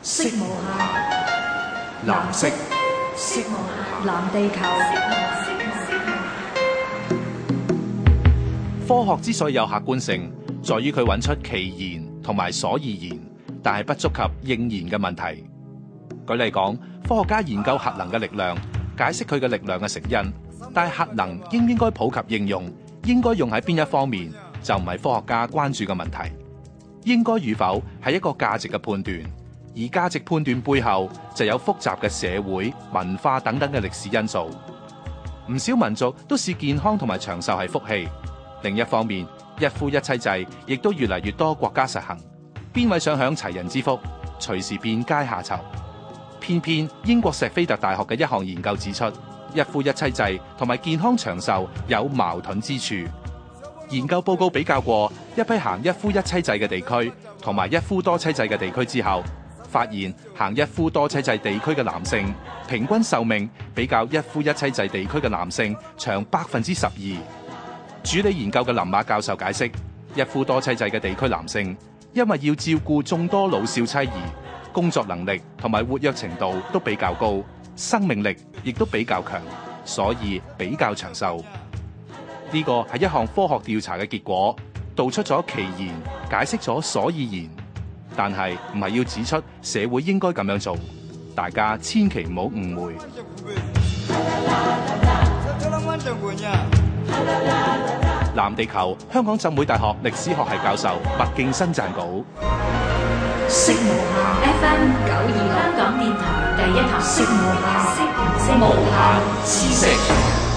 色無限，藍色，藍色，色無限，藍地球。科學之所以有客觀性，在於佢揾出其然同埋所以然，但係不足及應然嘅問題。舉例講，科學家研究核能嘅力量，解釋佢嘅力量嘅成因，但係核能應唔應該普及應用，應該用喺邊一方面，就唔係科學家關注嘅問題。應該與否係一個價值嘅判斷。而價值判斷背後就有複雜嘅社會文化等等嘅歷史因素。唔少民族都視健康同埋長壽係福氣。另一方面，一夫一妻制亦都越嚟越多國家實行。邊位想享齊人之福，隨時變階下囚？偏偏英國石菲特大學嘅一項研究指出，一夫一妻制同埋健康長壽有矛盾之處。研究報告比較過一批行一夫一妻制嘅地區同埋一夫多妻制嘅地區之後。發現行一夫多妻制地區嘅男性平均壽命比較一夫一妻制地區嘅男性長百分之十二。主理研究嘅林馬教授解釋，一夫多妻制嘅地區男性因為要照顧眾多老少妻兒，工作能力同埋活躍程度都比較高，生命力亦都比較強，所以比較長壽。呢、這個係一項科學調查嘅結果，道出咗其然，解釋咗所以然。但係唔係要指出社會應該咁樣做，大家千祈唔好誤會。藍地球，香港浸會大學歷史學系教授麥勁生撰稿。F M 九二香港電台第一台。